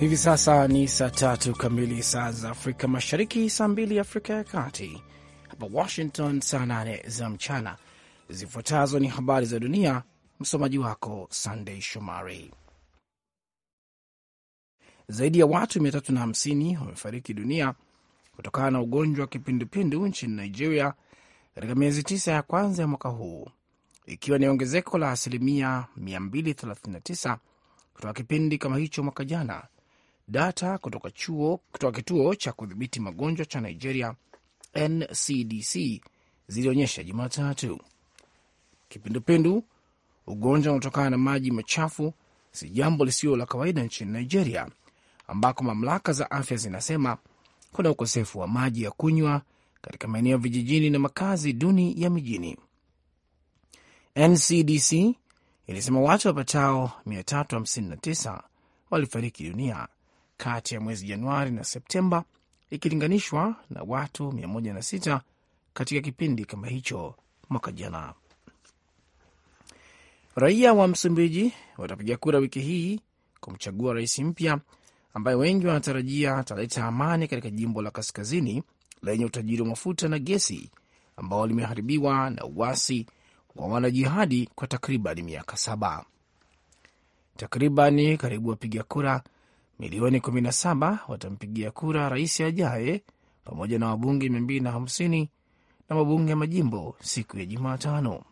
Hivi sasa ni saa tatu kamili saa za Afrika Mashariki, saa mbili Afrika ya Kati, hapa Washington saa nane za mchana. Zifuatazo ni habari za dunia, msomaji wako Sandei Shomari. Zaidi ya watu 350 wamefariki dunia kutokana na ugonjwa wa kipindupindu nchini Nigeria katika miezi tisa ya kwanza ya mwaka huu, ikiwa ni ongezeko la asilimia 239 kutoka kipindi kama hicho mwaka jana Data kutoka chuo, kutoka kituo cha kudhibiti magonjwa cha Nigeria NCDC zilionyesha Jumatatu. Kipindupindu, ugonjwa unaotokana na maji machafu, si jambo lisilo la kawaida nchini Nigeria, ambako mamlaka za afya zinasema kuna ukosefu wa maji ya kunywa katika maeneo vijijini na makazi duni ya mijini. NCDC ilisema watu wapatao 359 walifariki dunia kati ya mwezi Januari na Septemba ikilinganishwa na watu 106 katika kipindi kama hicho mwaka jana. Raia wa Msumbiji watapiga kura wiki hii kumchagua rais mpya ambaye wengi wanatarajia ataleta amani katika jimbo la kaskazini lenye utajiri wa mafuta na gesi ambao limeharibiwa na uasi wa wanajihadi kwa takriban miaka saba. takriban karibu wapiga kura milioni 17 watampigia kura rais ajaye pamoja na wabunge 250 na mabunge ya majimbo siku ya Jumatano.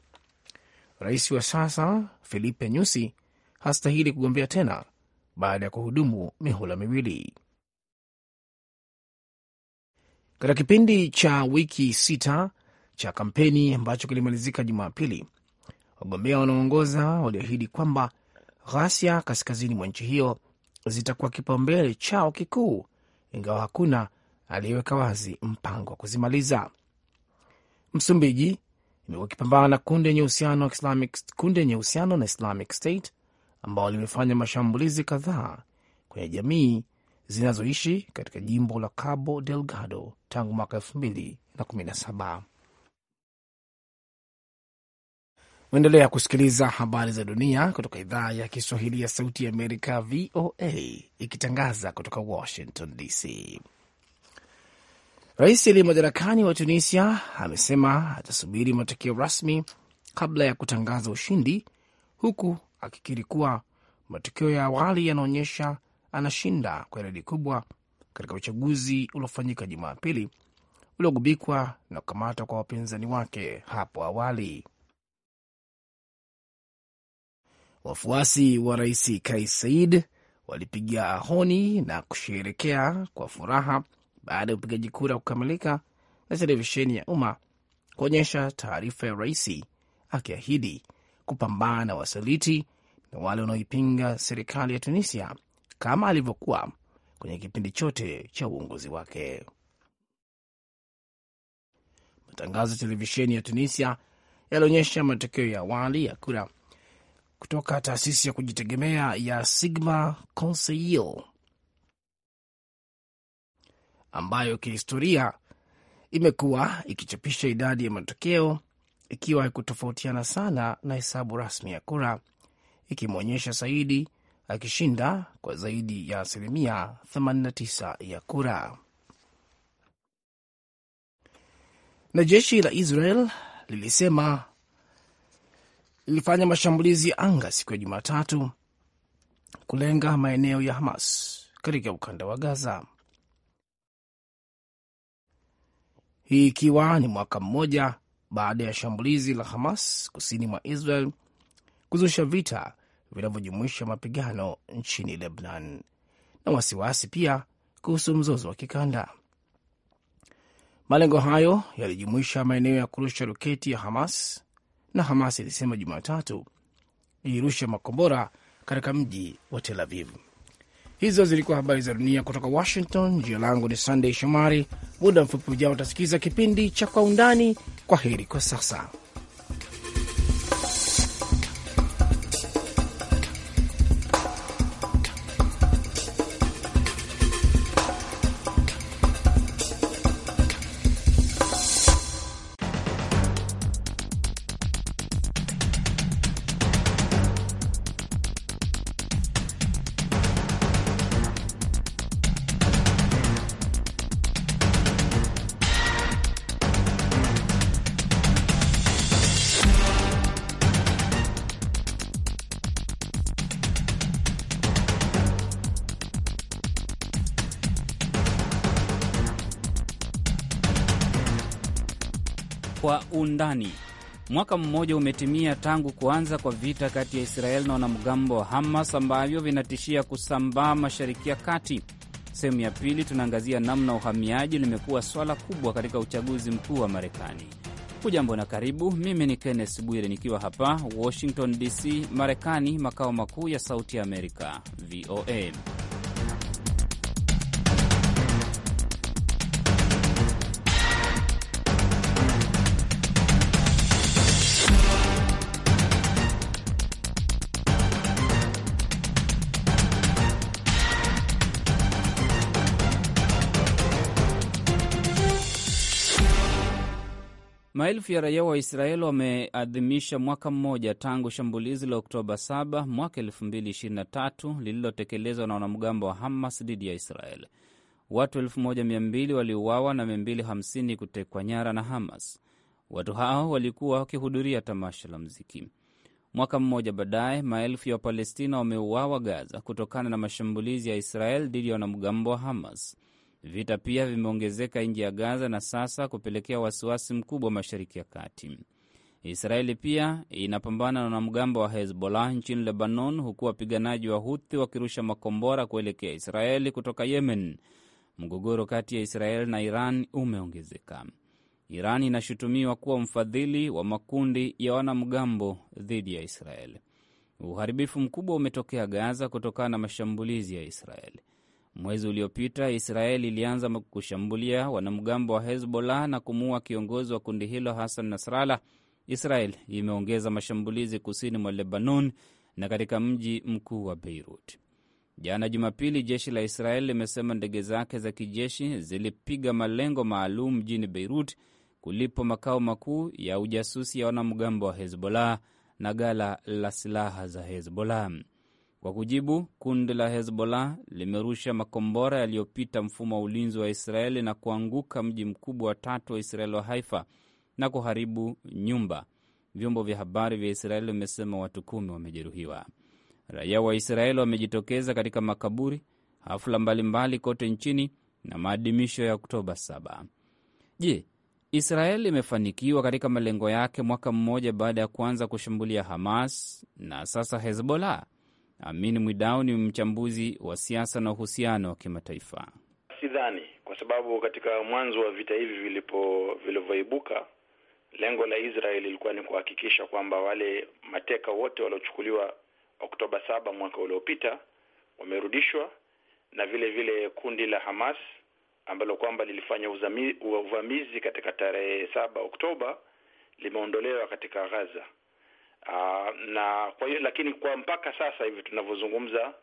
Rais wa sasa Filipe Nyusi hastahili kugombea tena baada ya kuhudumu mihula miwili. Katika kipindi cha wiki sita cha kampeni ambacho kilimalizika Jumapili, wagombea wanaoongoza waliahidi kwamba ghasia kaskazini mwa nchi hiyo zitakuwa kipaumbele chao kikuu, ingawa hakuna aliyeweka wazi mpango wa kuzimaliza. Msumbiji imekuwa ikipambana na kundi lenye uhusiano na Islamic State ambao limefanya mashambulizi kadhaa kwenye jamii zinazoishi katika jimbo la Cabo Delgado tangu mwaka 2017. Unaendelea kusikiliza habari za dunia kutoka idhaa ya Kiswahili ya Sauti ya Amerika, VOA, ikitangaza kutoka Washington DC. Rais aliye madarakani wa Tunisia amesema atasubiri matokeo rasmi kabla ya kutangaza ushindi, huku akikiri kuwa matokeo ya awali yanaonyesha anashinda kwa idadi kubwa katika uchaguzi uliofanyika Jumapili uliogubikwa na kukamatwa kwa wapinzani wake hapo awali. Wafuasi wa rais Kais Saied walipiga honi na kusherekea kwa furaha baada ya upigaji kura kukamilika, na televisheni ya umma kuonyesha taarifa ya rais akiahidi kupambana na wasaliti na wale wanaoipinga serikali ya Tunisia kama alivyokuwa kwenye kipindi chote cha uongozi wake. Matangazo ya televisheni ya Tunisia yalionyesha matokeo ya awali ya kura kutoka taasisi ya kujitegemea ya Sigma Conseil ambayo kihistoria imekuwa ikichapisha idadi ya matokeo ikiwa haikutofautiana sana na hesabu rasmi ya kura, ikimwonyesha Saidi akishinda kwa zaidi ya asilimia 89 ya kura. Na jeshi la Israel lilisema lilifanya mashambulizi ya anga siku ya Jumatatu kulenga maeneo ya Hamas katika ukanda wa Gaza, hii ikiwa ni mwaka mmoja baada ya shambulizi la Hamas kusini mwa Israel kuzusha vita vinavyojumuisha mapigano nchini Lebanon na wasiwasi pia kuhusu mzozo wa kikanda. Malengo hayo yalijumuisha maeneo ya kurusha roketi ya Hamas na Hamas ilisema Jumatatu ilirusha makombora katika mji wa Tel Aviv. Hizo zilikuwa habari za dunia kutoka Washington. Jina langu ni Sandey Shomari. Muda mfupi ujao utasikiza kipindi cha Kwa Undani. Kwa heri kwa sasa. undani. Mwaka mmoja umetimia tangu kuanza kwa vita kati ya israel na wanamgambo wa Hamas ambavyo vinatishia kusambaa Mashariki ya Kati. Sehemu ya pili tunaangazia namna uhamiaji limekuwa swala kubwa katika uchaguzi mkuu wa Marekani. Hujambo na karibu. Mimi ni kennes Bwire nikiwa hapa Washington DC, Marekani, makao makuu ya Sauti ya Amerika, VOA. Maelfu ya raia wa Israeli wameadhimisha mwaka mmoja tangu shambulizi la Oktoba 7 mwaka 2023 lililotekelezwa na wanamgambo wa Hamas dhidi ya Israel. Watu 1200 waliuawa na 250 kutekwa nyara na Hamas. Watu hao walikuwa wakihudhuria tamasha la mziki. Mwaka mmoja baadaye, maelfu ya Wapalestina wameuawa Gaza kutokana na mashambulizi ya Israel dhidi ya wanamgambo wa Hamas. Vita pia vimeongezeka nje ya Gaza na sasa kupelekea wasiwasi mkubwa mashariki ya kati. Israeli pia inapambana na wanamgambo wa Hezbollah nchini Lebanon, huku wapiganaji wa Huthi wakirusha makombora kuelekea Israeli kutoka Yemen. Mgogoro kati ya Israeli na Iran umeongezeka. Iran inashutumiwa kuwa mfadhili wa makundi ya wanamgambo dhidi ya Israeli. Uharibifu mkubwa umetokea Gaza kutokana na mashambulizi ya Israeli. Mwezi uliopita israel ilianza kushambulia wanamgambo wa Hezbollah na kumuua kiongozi wa kundi hilo Hassan Nasrallah. Israel imeongeza mashambulizi kusini mwa Lebanon na katika mji mkuu wa Beirut. Jana Jumapili, jeshi la Israel limesema ndege zake za kijeshi zilipiga malengo maalum mjini Beirut, kulipo makao makuu ya ujasusi ya wanamgambo wa Hezbollah na gala la silaha za Hezbollah. Kwa kujibu, kundi la Hezbollah limerusha makombora yaliyopita mfumo wa ulinzi wa Israeli na kuanguka mji mkubwa wa tatu wa Israeli wa Haifa na kuharibu nyumba. Vyombo vya habari vya Israeli vimesema watu kumi wamejeruhiwa. Raia wa Israeli wamejitokeza katika makaburi, hafla mbalimbali kote nchini na maadhimisho ya Oktoba 7. Je, Israeli imefanikiwa katika malengo yake mwaka mmoja baada ya kuanza kushambulia Hamas na sasa Hezbollah? Amin Mwidau ni mchambuzi wa siasa na uhusiano wa kimataifa. Sidhani, kwa sababu katika mwanzo wa vita hivi vilipo vilivyoibuka, lengo la Israel ilikuwa ni kuhakikisha kwamba wale mateka wote waliochukuliwa Oktoba saba mwaka uliopita wamerudishwa, na vile vile kundi la Hamas ambalo kwamba lilifanya uvamizi katika tarehe saba Oktoba limeondolewa katika Gaza. Aa, ah, na kwa hiyo lakini kwa mpaka sasa hivi tunavyozungumza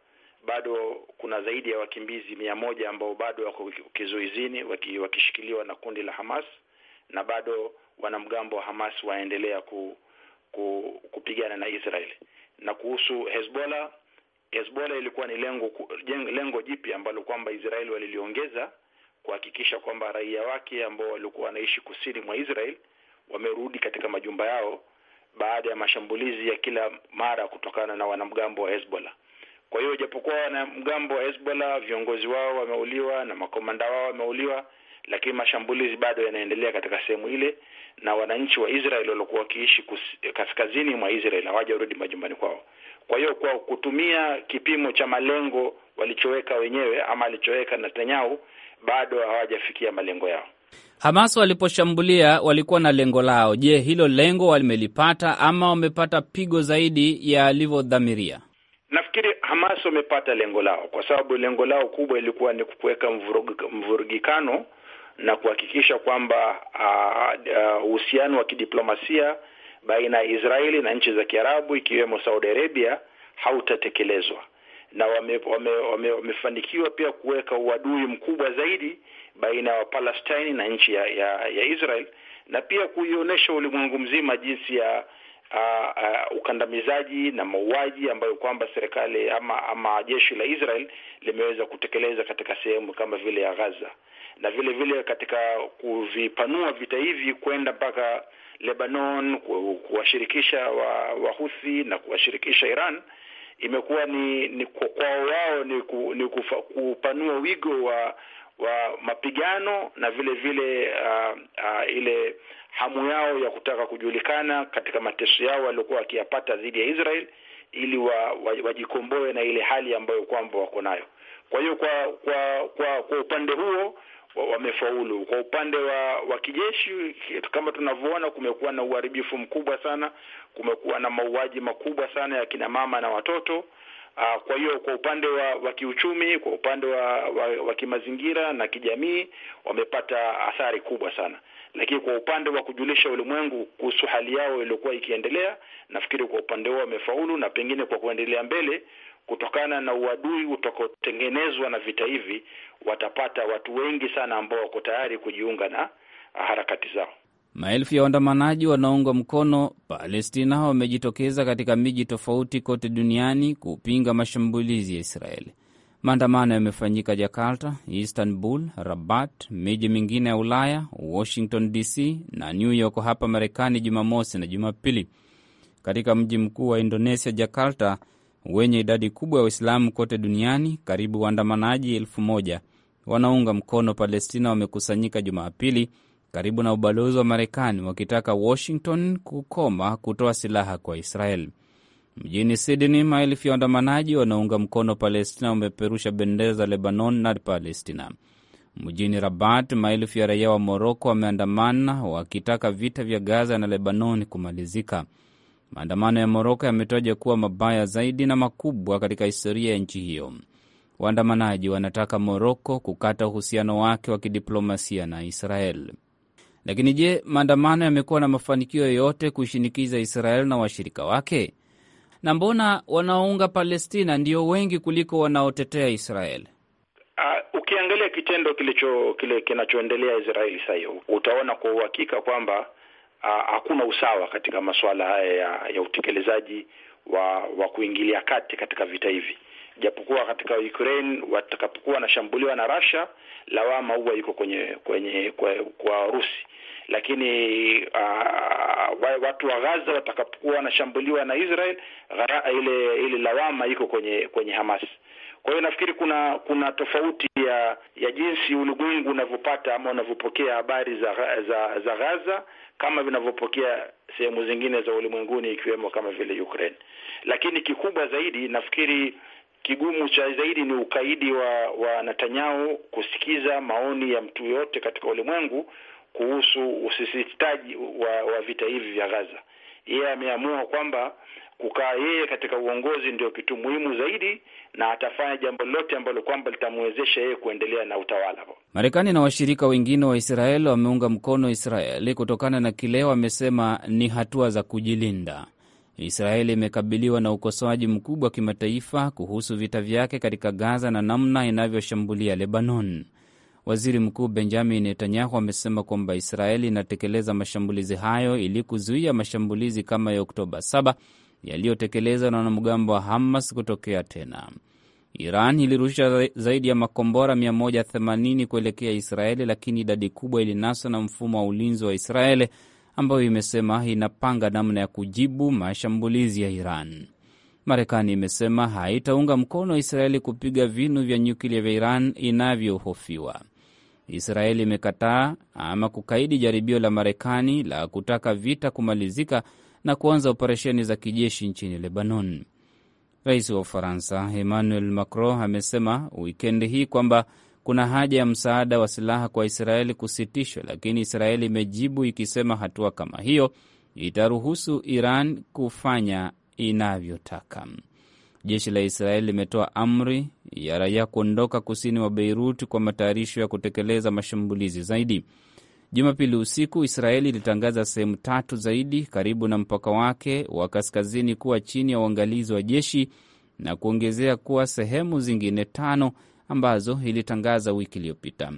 bado kuna zaidi ya wakimbizi mia moja ambao bado wako kizuizini waki, wakishikiliwa na kundi la Hamas na bado wanamgambo wa Hamas waendelea ku, ku, kupigana na Israel. Na kuhusu Hezbollah, Hezbollah ilikuwa ni lengo lengo jipya ambalo kwamba Israel waliliongeza kuhakikisha kwamba raia wake ambao walikuwa wanaishi kusini mwa Israel wamerudi katika majumba yao baada ya mashambulizi ya kila mara kutokana na wanamgambo wa Hezbollah. Kwa hiyo japokuwa wanamgambo wa Hezbollah viongozi wao wameuliwa na makomanda wao wameuliwa, lakini mashambulizi bado yanaendelea katika sehemu ile, na wananchi wa Israel waliokuwa wakiishi kaskazini mwa Israel hawajarudi majumbani kwao. Kwa hiyo kwa kutumia kipimo cha malengo walichoweka wenyewe ama alichoweka Netanyahu, bado hawajafikia malengo yao. Hamas waliposhambulia walikuwa na lengo lao. Je, hilo lengo wamelipata ama wamepata pigo zaidi yalivyodhamiria? Nafikiri Hamas wamepata lengo lao, kwa sababu lengo lao kubwa ilikuwa ni kuweka mvurugikano na kuhakikisha kwamba ah, ah, uhusiano uh, uh, wa kidiplomasia baina ya Israeli na nchi za Kiarabu ikiwemo Saudi Arabia hautatekelezwa na wamefanikiwa wame, wame, wame pia kuweka uadui mkubwa zaidi baina ya Wapalestini na nchi ya, ya, ya Israel na pia kuionyesha ulimwengu mzima jinsi ya Uh, uh, ukandamizaji na mauaji ambayo kwamba serikali ama ama jeshi la Israel limeweza kutekeleza katika sehemu kama vile ya Gaza, na vile vile katika kuvipanua vita hivi kwenda mpaka Lebanon, kuwashirikisha Wahuthi wa na kuwashirikisha Iran imekuwa ni, ni kwao wao ni, ku, ni kufa, kupanua wigo wa wa mapigano na vile vile uh, uh, ile hamu yao ya kutaka kujulikana katika mateso yao waliokuwa wakiyapata dhidi ya Israel ili wajikomboe wa, wajikomboe na ile hali ambayo kwamba wako nayo. Kwa hiyo kwa kwa kwa, kwa upande huo wamefaulu. Kwa upande wa wa kijeshi, kama tunavyoona, kumekuwa na uharibifu mkubwa sana, kumekuwa na mauaji makubwa sana ya kina mama na watoto. Uh, kwa hiyo kwa upande wa, wa kiuchumi, kwa upande wa, wa, wa kimazingira na kijamii wamepata athari kubwa sana, lakini kwa upande wa kujulisha ulimwengu kuhusu hali yao iliyokuwa ikiendelea, nafikiri kwa upande wao wamefaulu, na pengine kwa kuendelea mbele kutokana na uadui utakaotengenezwa na vita hivi, watapata watu wengi sana ambao wako tayari kujiunga na harakati zao. Maelfu ya waandamanaji wanaoungwa mkono Palestina wamejitokeza katika miji tofauti kote duniani kupinga mashambulizi ya Israeli. Maandamano yamefanyika Jakarta, Istanbul, Rabat, miji mingine ya Ulaya, Washington DC na New York hapa Marekani Jumamosi na Jumapili. Katika mji mkuu wa Indonesia, Jakarta, wenye idadi kubwa ya Waislamu kote duniani, karibu waandamanaji elfu moja wanaunga mkono Palestina wamekusanyika Jumapili karibu na ubalozi wa Marekani wakitaka Washington kukoma kutoa silaha kwa Israel. Mjini Sydney, maelfu ya waandamanaji wanaunga mkono Palestina wamepeperusha bendera za Lebanon na Palestina. Mjini Rabat, maelfu ya raia wa Moroko wameandamana wakitaka vita vya Gaza na Lebanon kumalizika. Maandamano ya Moroko yametaja kuwa mabaya zaidi na makubwa katika historia ya nchi hiyo. Waandamanaji wanataka Moroko kukata uhusiano wake wa kidiplomasia na Israel. Lakini je, maandamano yamekuwa na mafanikio yoyote kuishinikiza Israel na washirika wake? Na mbona wanaounga Palestina ndio wengi kuliko wanaotetea Israel? Uh, ukiangalia kitendo kilicho kile kinachoendelea Israeli sasa, utaona kwa uhakika kwamba hakuna usawa katika masuala haya ya, ya utekelezaji wa wa kuingilia kati katika vita hivi, japokuwa katika Ukraine watakapokuwa wanashambuliwa na Russia, lawama huwa iko kwenye kwenye kwa, kwa Warusi, lakini uh, watu wa Gaza watakapokuwa wanashambuliwa na Israel, ile ile lawama iko kwenye kwenye Hamas. Kwa hiyo nafikiri kuna kuna tofauti ya ya jinsi ulimwengu unavyopata ama unavyopokea habari za za, za Gaza kama vinavyopokea sehemu zingine za ulimwenguni ikiwemo kama vile Ukraine. Lakini kikubwa zaidi nafikiri kigumu cha zaidi ni ukaidi wa, wa Netanyahu kusikiza maoni ya mtu yoyote katika ulimwengu kuhusu usisitaji wa, wa vita hivi vya Gaza. Yeye ameamua kwamba kukaa yeye katika uongozi ndio kitu muhimu zaidi, na atafanya jambo lote ambalo kwamba litamwezesha yeye kuendelea na utawala. Marekani na washirika wengine wa Israel wameunga mkono Israeli kutokana na kile wamesema ni hatua za kujilinda. Israeli imekabiliwa na ukosoaji mkubwa wa kimataifa kuhusu vita vyake katika Gaza na namna inavyoshambulia Lebanon. Waziri Mkuu Benjamin Netanyahu amesema kwamba Israeli inatekeleza mashambulizi hayo ili kuzuia mashambulizi kama ya Oktoba 7 yaliyotekelezwa na wanamgambo wa Hamas kutokea tena. Iran ilirusha zaidi ya makombora 180 kuelekea Israeli, lakini idadi kubwa ilinaswa na mfumo wa ulinzi wa Israeli ambayo imesema inapanga namna ya kujibu mashambulizi ya Iran. Marekani imesema haitaunga mkono Israeli kupiga vinu vya nyuklia vya Iran inavyohofiwa. Israeli imekataa ama kukaidi jaribio la Marekani la kutaka vita kumalizika na kuanza operesheni za kijeshi nchini Lebanon. Rais wa Ufaransa Emmanuel Macron amesema wikendi hii kwamba kuna haja ya msaada wa silaha kwa Israeli kusitishwa, lakini Israeli imejibu ikisema hatua kama hiyo itaruhusu Iran kufanya inavyotaka. Jeshi la Israeli limetoa amri ya raia kuondoka kusini wa Beirut kwa matayarisho ya kutekeleza mashambulizi zaidi. Jumapili usiku Israeli ilitangaza sehemu tatu zaidi karibu na mpaka wake wa kaskazini kuwa chini ya uangalizi wa jeshi na kuongezea kuwa sehemu zingine tano ambazo ilitangaza wiki iliyopita.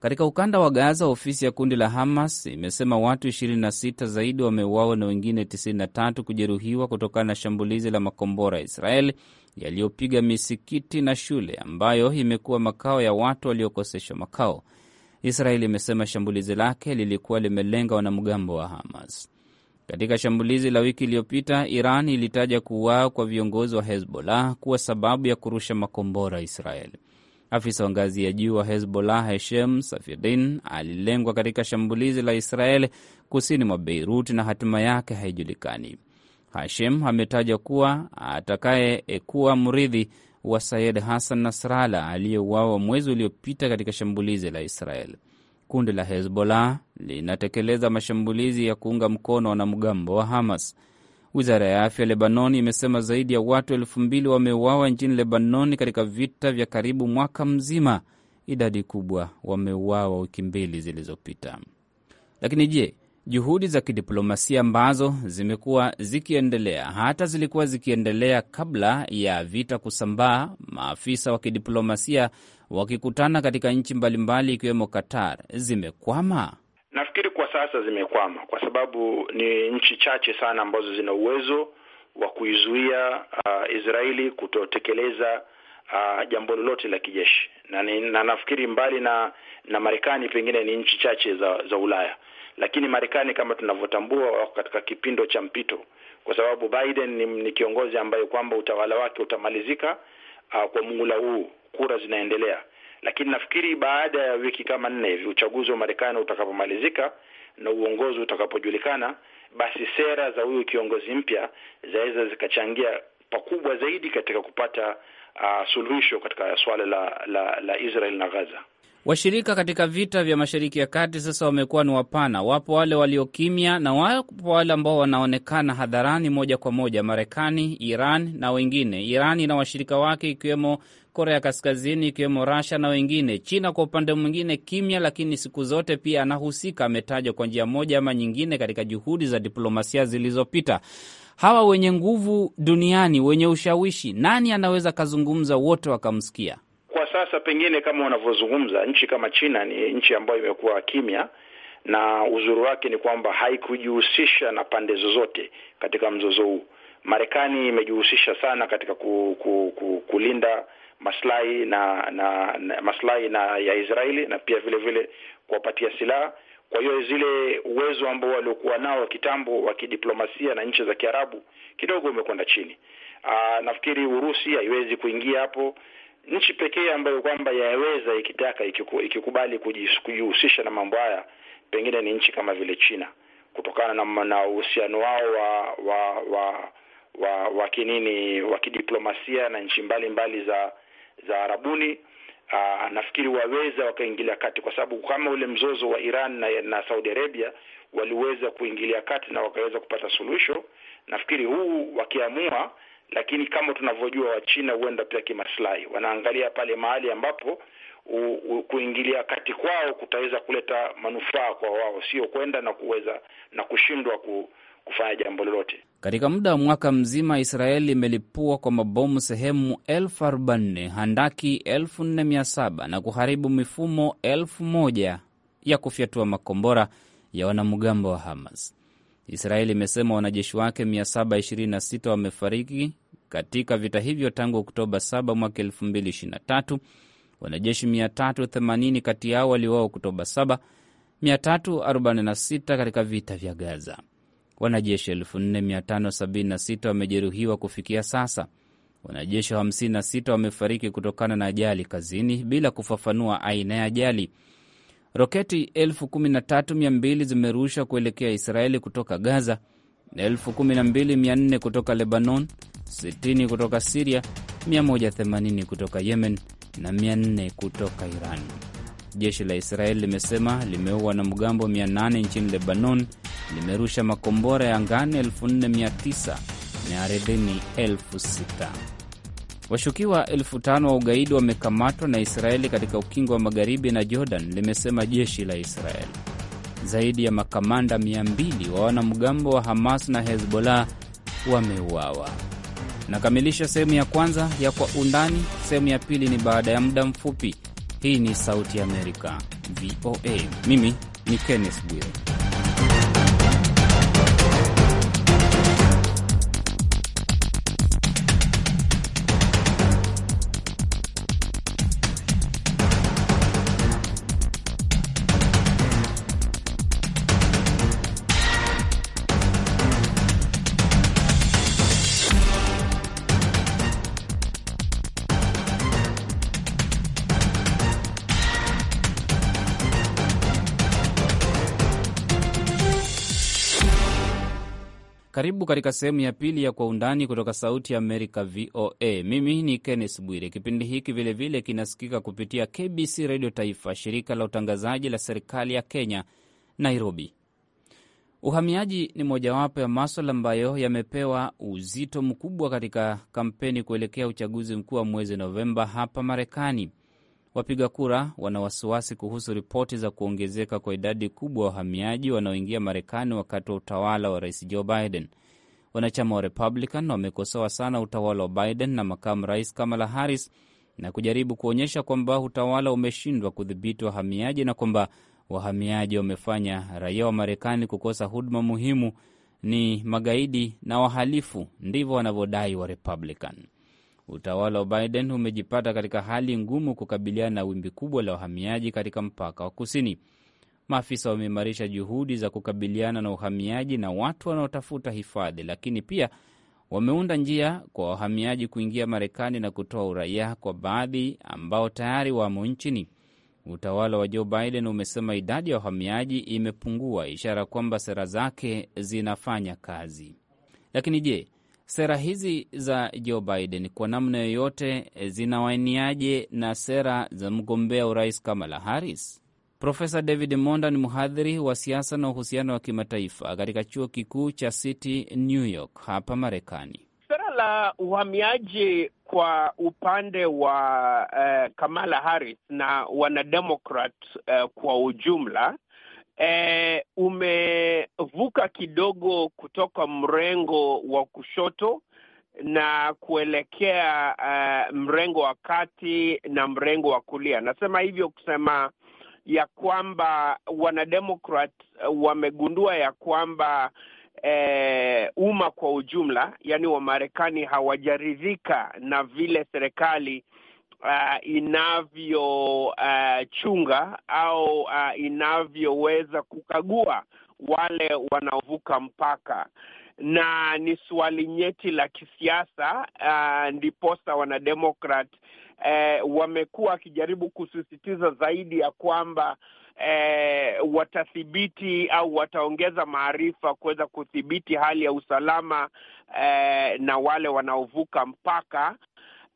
Katika ukanda wa Gaza, ofisi ya kundi la Hamas imesema watu 26 zaidi wameuawa na wengine 93 kujeruhiwa kutokana na shambulizi la makombora ya Israel yaliyopiga misikiti na shule ambayo imekuwa makao ya watu waliokoseshwa makao. Israeli imesema shambulizi lake lilikuwa limelenga wanamgambo wa Hamas. Katika shambulizi la wiki iliyopita, Iran ilitaja kuuawa kwa viongozi wa Hezbollah kuwa sababu ya kurusha makombora Israeli. Afisa wa ngazi ya juu wa Hezbollah Heshem safirdin alilengwa katika shambulizi la Israeli kusini mwa Beirut na hatima yake haijulikani. Hashem ametaja kuwa atakayekuwa mrithi wa Sayed Hassan nasrala aliyeuawa mwezi uliopita katika shambulizi la Israel. Kundi la Hezbollah linatekeleza mashambulizi ya kuunga mkono wanamgambo wa Hamas. Wizara ya afya Lebanon imesema zaidi ya watu elfu mbili wameuawa nchini Lebanon katika vita vya karibu mwaka mzima. Idadi kubwa wameuawa wiki mbili zilizopita. Lakini je, Juhudi za kidiplomasia ambazo zimekuwa zikiendelea hata zilikuwa zikiendelea kabla ya vita kusambaa, maafisa wa kidiplomasia wakikutana katika nchi mbalimbali ikiwemo Qatar, zimekwama. Nafikiri kwa sasa zimekwama kwa sababu ni nchi chache sana ambazo zina uwezo wa kuizuia uh, Israeli kutotekeleza uh, jambo lolote la kijeshi na, na nafikiri mbali na na Marekani pengine ni nchi chache za, za Ulaya lakini Marekani kama tunavyotambua wako katika kipindo cha mpito, kwa sababu Biden ni, ni kiongozi ambaye kwamba utawala wake utamalizika uh, kwa muhula huu, kura zinaendelea, lakini nafikiri baada ya wiki kama nne hivi uchaguzi wa Marekani utakapomalizika na uongozi utakapojulikana, basi sera za huyu kiongozi mpya zaweza zikachangia pakubwa zaidi katika kupata uh, suluhisho katika swala la, la, la Israel na Gaza. Washirika katika vita vya Mashariki ya Kati sasa wamekuwa ni wapana. Wapo wale waliokimya na wapo wale ambao wanaonekana hadharani moja kwa moja: Marekani, Iran na wengine. Iran ina washirika wake ikiwemo Korea Kaskazini, ikiwemo rasha na wengine. China kwa upande mwingine kimya, lakini siku zote pia anahusika, ametajwa kwa njia moja ama nyingine katika juhudi za diplomasia zilizopita. Hawa wenye nguvu duniani, wenye ushawishi, nani anaweza kazungumza wote wakamsikia? sasa, pengine kama unavyozungumza, nchi kama China ni nchi ambayo imekuwa kimya na uzuri wake ni kwamba haikujihusisha na pande zozote katika mzozo huu. Marekani imejihusisha sana katika ku, ku, ku, kulinda maslahi na, na, na maslahi na ya Israeli na pia vile vile kuwapatia silaha. Kwa hiyo zile uwezo ambao waliokuwa nao wa kitambo wa kidiplomasia na nchi za Kiarabu kidogo umekwenda chini. Aa, nafikiri Urusi haiwezi kuingia hapo nchi pekee ambayo kwamba yaweza ikitaka ikiku, ikikubali kujihusisha na mambo haya pengine ni nchi kama vile China kutokana na uhusiano wao wa wa wa wa, wa kinini wa kidiplomasia na nchi mbalimbali za za Arabuni. Aa, nafikiri waweza wakaingilia kati kwa sababu kama ule mzozo wa Iran na, na Saudi Arabia waliweza kuingilia kati na wakaweza kupata suluhisho. Nafikiri huu wakiamua lakini kama tunavyojua Wachina huenda pia kimaslahi, wanaangalia pale mahali ambapo u, u, kuingilia kati kwao kutaweza kuleta manufaa kwa wao, sio kwenda na kuweza na kushindwa ku, kufanya jambo lolote. Katika muda wa mwaka mzima, Israeli imelipua kwa mabomu sehemu elfu arobaini handaki elfu nne mia saba na kuharibu mifumo elfu moja ya kufyatua makombora ya wanamgambo wa Hamas. Israeli imesema wanajeshi wake 726 wamefariki katika vita hivyo tangu Oktoba 7 mwaka 2023 wanajeshi 380 kati yao waliuawa Oktoba 7, 346 katika vita vya Gaza. Wanajeshi 4576 wamejeruhiwa kufikia sasa. Wanajeshi 56 wamefariki kutokana na ajali kazini, bila kufafanua aina ya ajali. Roketi 13200 zimerushwa kuelekea Israeli kutoka Gaza na 12400 kutoka Lebanon 60 kutoka Siria, 180 kutoka Yemen na 400 kutoka Iran. Jeshi la Israeli limesema limeua wanamgambo 800 nchini Lebanon, limerusha makombora ya angani 4900 na ardhini 6000. Washukiwa 5000 wa ugaidi wamekamatwa na Israeli katika ukingo wa magharibi na Jordan, limesema jeshi la Israeli. Zaidi ya makamanda 200 wa wanamgambo wa Hamas na Hezbollah wameuawa. Nakamilisha sehemu ya kwanza ya Kwa Undani. Sehemu ya pili ni baada ya muda mfupi. Hii ni Sauti ya Amerika, VOA. Mimi ni Kenneth Bwire. Karibu katika sehemu ya pili ya Kwa Undani kutoka Sauti ya Amerika, VOA. Mimi ni Kenneth Bwire. Kipindi hiki vilevile kinasikika kupitia KBC Redio Taifa, shirika la utangazaji la serikali ya Kenya, Nairobi. Uhamiaji ni mojawapo ya maswala ambayo yamepewa uzito mkubwa katika kampeni kuelekea uchaguzi mkuu wa mwezi Novemba hapa Marekani. Wapiga kura wana wasiwasi kuhusu ripoti za kuongezeka kwa idadi kubwa ya wahamiaji wanaoingia Marekani wakati wa utawala wa Rais Joe Biden. Wanachama wa Republican wamekosoa sana utawala wa Biden na makamu rais Kamala Harris na kujaribu kuonyesha kwamba utawala umeshindwa kudhibiti wahamiaji na kwamba wahamiaji wamefanya raia wa Marekani kukosa huduma muhimu, ni magaidi na wahalifu. Ndivyo wanavyodai wa Republican. Utawala wa Biden umejipata katika hali ngumu kukabiliana na wimbi kubwa la wahamiaji katika mpaka wa kusini. Maafisa wameimarisha juhudi za kukabiliana na uhamiaji na watu wanaotafuta hifadhi, lakini pia wameunda njia kwa wahamiaji kuingia Marekani na kutoa uraia kwa baadhi ambao tayari wamo nchini. Utawala wa Joe Biden umesema idadi ya wahamiaji imepungua, ishara kwamba sera zake zinafanya kazi. Lakini je, sera hizi za Joe Biden kwa namna yoyote zinawainiaje na sera za mgombea urais Kamala Harris? Profesa David Monda ni mhadhiri wa siasa na uhusiano wa kimataifa katika chuo kikuu cha City New York hapa Marekani. Sera la uhamiaji kwa upande wa uh, Kamala Harris na wanademokrat uh, kwa ujumla E, umevuka kidogo kutoka mrengo wa kushoto na kuelekea uh, mrengo wa kati na mrengo wa kulia. Nasema hivyo kusema ya kwamba wanademokrat eh, wamegundua ya kwamba eh, umma kwa ujumla, yaani Wamarekani hawajaridhika na vile serikali uh, eh, inavyochunga eh, uh, au uh, inavyoweza kukagua wale wanaovuka mpaka na ni swali nyeti la kisiasa uh, ndiposa wanademokrat eh, wamekuwa wakijaribu kusisitiza zaidi ya kwamba eh, watathibiti au wataongeza maarifa kuweza kudhibiti hali ya usalama eh, na wale wanaovuka mpaka.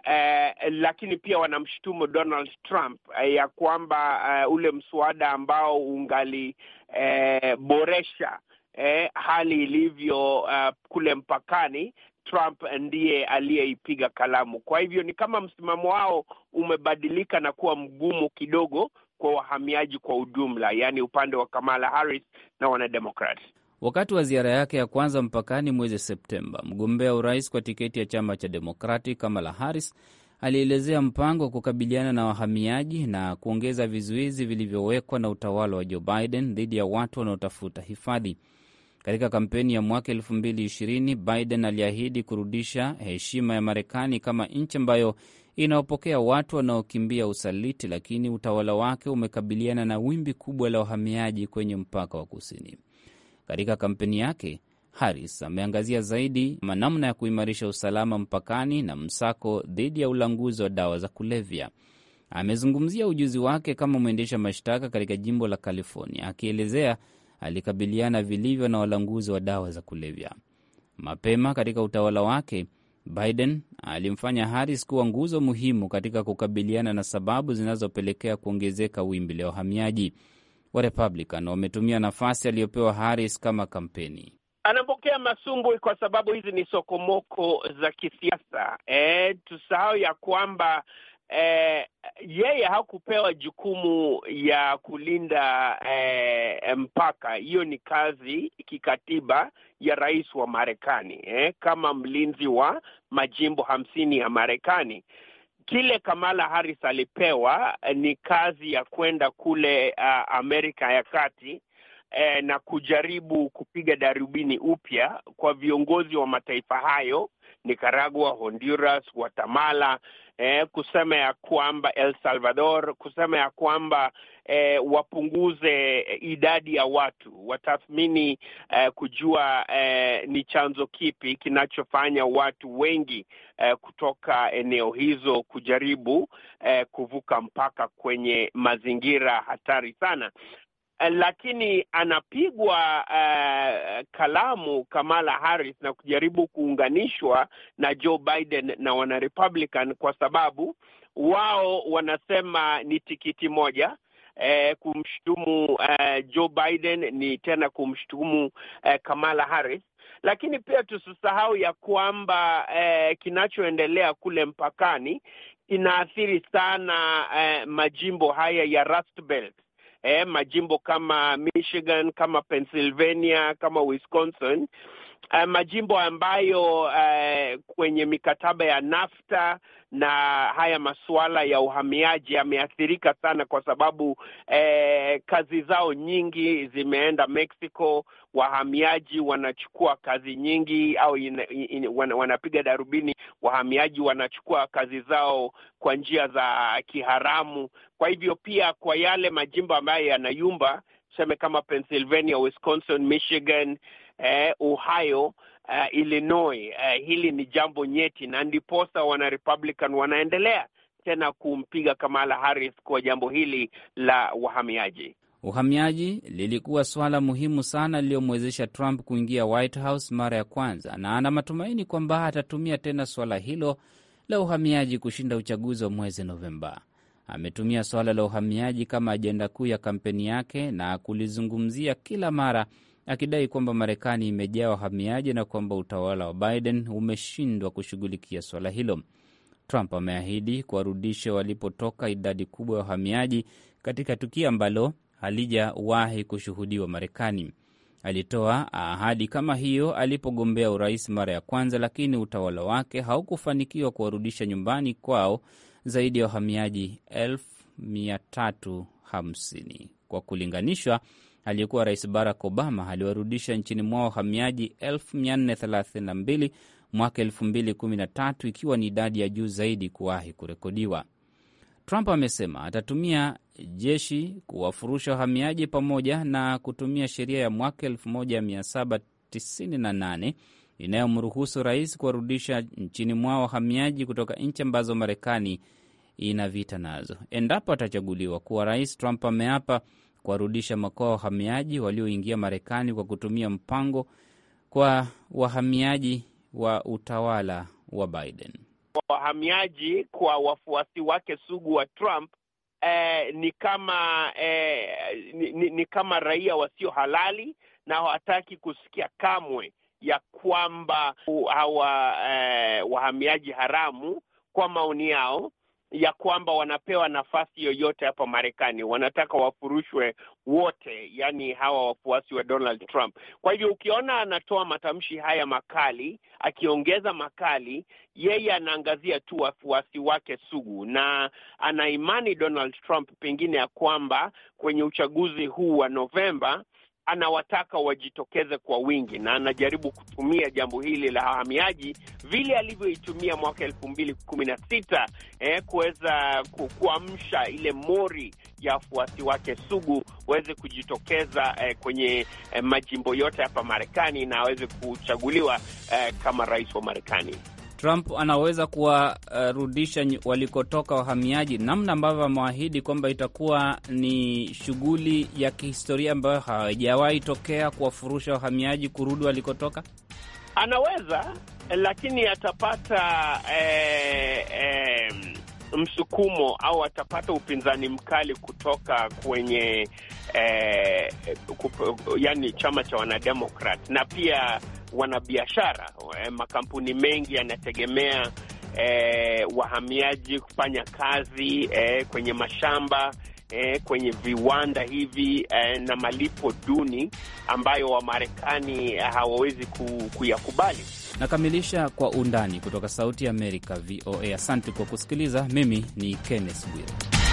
Eh, lakini pia wanamshutumu Donald Trump eh, ya kwamba eh, ule mswada ambao ungaliboresha eh, eh, hali ilivyo uh, kule mpakani Trump ndiye aliyeipiga kalamu. Kwa hivyo ni kama msimamo wao umebadilika na kuwa mgumu kidogo kwa wahamiaji kwa ujumla, yaani upande wa Kamala Harris na wanademokrat. Wakati wa ziara yake ya kwanza mpakani mwezi Septemba, mgombea urais kwa tiketi ya chama cha Demokrati Kamala Harris alielezea mpango wa kukabiliana na wahamiaji na kuongeza vizuizi vilivyowekwa na utawala wa Joe Biden dhidi ya watu wanaotafuta hifadhi. Katika kampeni ya mwaka 2020 Biden aliahidi kurudisha heshima ya Marekani kama nchi ambayo inaopokea watu wanaokimbia usaliti, lakini utawala wake umekabiliana na wimbi kubwa la uhamiaji kwenye mpaka wa kusini. Katika kampeni yake, Harris ameangazia zaidi namna ya kuimarisha usalama mpakani na msako dhidi ya ulanguzi wa dawa za kulevya. Amezungumzia ujuzi wake kama mwendesha mashtaka katika jimbo la California, akielezea alikabiliana vilivyo na walanguzi wa dawa za kulevya. Mapema katika utawala wake, Biden alimfanya Harris kuwa nguzo muhimu katika kukabiliana na sababu zinazopelekea kuongezeka wimbi la wahamiaji. Warepublican wametumia nafasi aliyopewa Harris kama kampeni anapokea masumbwi kwa sababu hizi ni sokomoko za kisiasa. E, tusahau ya kwamba eh, yeye hakupewa jukumu ya kulinda eh, mpaka. Hiyo ni kazi kikatiba ya rais wa Marekani eh, kama mlinzi wa majimbo hamsini ya Marekani. Kile Kamala Harris alipewa eh, ni kazi ya kwenda kule uh, Amerika ya Kati eh, na kujaribu kupiga darubini upya kwa viongozi wa mataifa hayo Nicaragua, Honduras, Guatemala eh, kusema ya kwamba El Salvador, kusema ya kwamba eh, wapunguze idadi ya watu, watathmini eh, kujua eh, ni chanzo kipi kinachofanya watu wengi eh, kutoka eneo hizo kujaribu eh, kuvuka mpaka kwenye mazingira hatari sana. Eh, lakini anapigwa uh, kalamu Kamala Harris na kujaribu kuunganishwa na Joe Biden na wanarepublican kwa sababu wao wanasema ni tikiti moja. Eh, kumshutumu eh, Joe Biden ni tena kumshutumu eh, Kamala Harris, lakini pia tusisahau ya kwamba eh, kinachoendelea kule mpakani inaathiri sana eh, majimbo haya ya Rust Belt eh, majimbo kama Michigan, kama Pennsylvania, kama Wisconsin uh, majimbo ambayo uh, kwenye mikataba ya NAFTA na haya masuala ya uhamiaji yameathirika sana, kwa sababu eh, kazi zao nyingi zimeenda Mexico. Wahamiaji wanachukua kazi nyingi au in, in, wan, wanapiga darubini. Wahamiaji wanachukua kazi zao kwa njia za kiharamu. Kwa hivyo pia kwa yale majimbo ambayo yanayumba, tuseme kama Pennsylvania, Wisconsin, Michigan eh, Ohio eh, Illinois eh, hili ni jambo nyeti, na ndiposa wana Republican wanaendelea tena kumpiga Kamala Harris kwa jambo hili la wahamiaji. Uhamiaji lilikuwa suala muhimu sana lililomwezesha Trump kuingia White House mara ya kwanza, na ana matumaini kwamba atatumia tena suala hilo la uhamiaji kushinda uchaguzi wa mwezi Novemba. Ametumia suala la uhamiaji kama ajenda kuu ya kampeni yake na kulizungumzia kila mara akidai kwamba Marekani imejaa wahamiaji na kwamba utawala wa Biden umeshindwa kushughulikia swala hilo. Trump ameahidi kuwarudisha walipotoka idadi kubwa ya wahamiaji katika tukio ambalo halijawahi kushuhudiwa Marekani. Alitoa ahadi kama hiyo alipogombea urais mara ya kwanza, lakini utawala wake haukufanikiwa kuwarudisha nyumbani kwao zaidi ya wahamiaji elfu mia tatu hamsini. Kwa kulinganishwa, aliyekuwa Rais Barack Obama aliwarudisha nchini mwao wahamiaji 432 mwaka 2013 ikiwa ni idadi ya juu zaidi kuwahi kurekodiwa. Trump amesema atatumia jeshi kuwafurusha wahamiaji pamoja na kutumia sheria ya mwaka 1798 inayomruhusu rais kuwarudisha nchini mwao wahamiaji kutoka nchi ambazo Marekani ina vita nazo. Endapo atachaguliwa kuwa rais, Trump ameapa kuwarudisha makwao wahamiaji walioingia Marekani kwa kutumia mpango kwa wahamiaji wa utawala wa Biden. Wahamiaji kwa wafuasi wake sugu wa Trump eh, ni kama eh, ni, ni, ni kama raia wasio halali na hawataki kusikia kamwe ya kwamba hawa eh, wahamiaji haramu kwa maoni yao ya kwamba wanapewa nafasi yoyote hapa Marekani. Wanataka wafurushwe wote, yani hawa wafuasi wa Donald Trump. Kwa hivyo ukiona anatoa matamshi haya makali, akiongeza makali, yeye anaangazia tu wafuasi wake sugu, na anaimani Donald Trump pengine ya kwamba kwenye uchaguzi huu wa Novemba anawataka wajitokeze kwa wingi, na anajaribu kutumia jambo hili la wahamiaji vile alivyoitumia mwaka elfu mbili kumi na sita eh, kuweza kuamsha ile mori ya wafuasi wake sugu waweze kujitokeza eh, kwenye eh, majimbo yote hapa Marekani na aweze kuchaguliwa eh, kama rais wa Marekani. Trump anaweza kuwarudisha walikotoka wahamiaji, namna ambavyo amewaahidi kwamba itakuwa ni shughuli ya kihistoria ambayo hawajawahi tokea, kuwafurusha wahamiaji kurudi walikotoka. Anaweza, lakini atapata eh, eh, msukumo au atapata upinzani mkali kutoka kwenye eh, kupo, yani chama cha Wanademokrat na pia wanabiashara. Eh, makampuni mengi yanategemea eh, wahamiaji kufanya kazi eh, kwenye mashamba eh, kwenye viwanda hivi eh, na malipo duni ambayo Wamarekani hawawezi ku, kuyakubali. Nakamilisha kwa undani kutoka Sauti ya Amerika VOA. Asante kwa kusikiliza. Mimi ni Kenneth Bwire.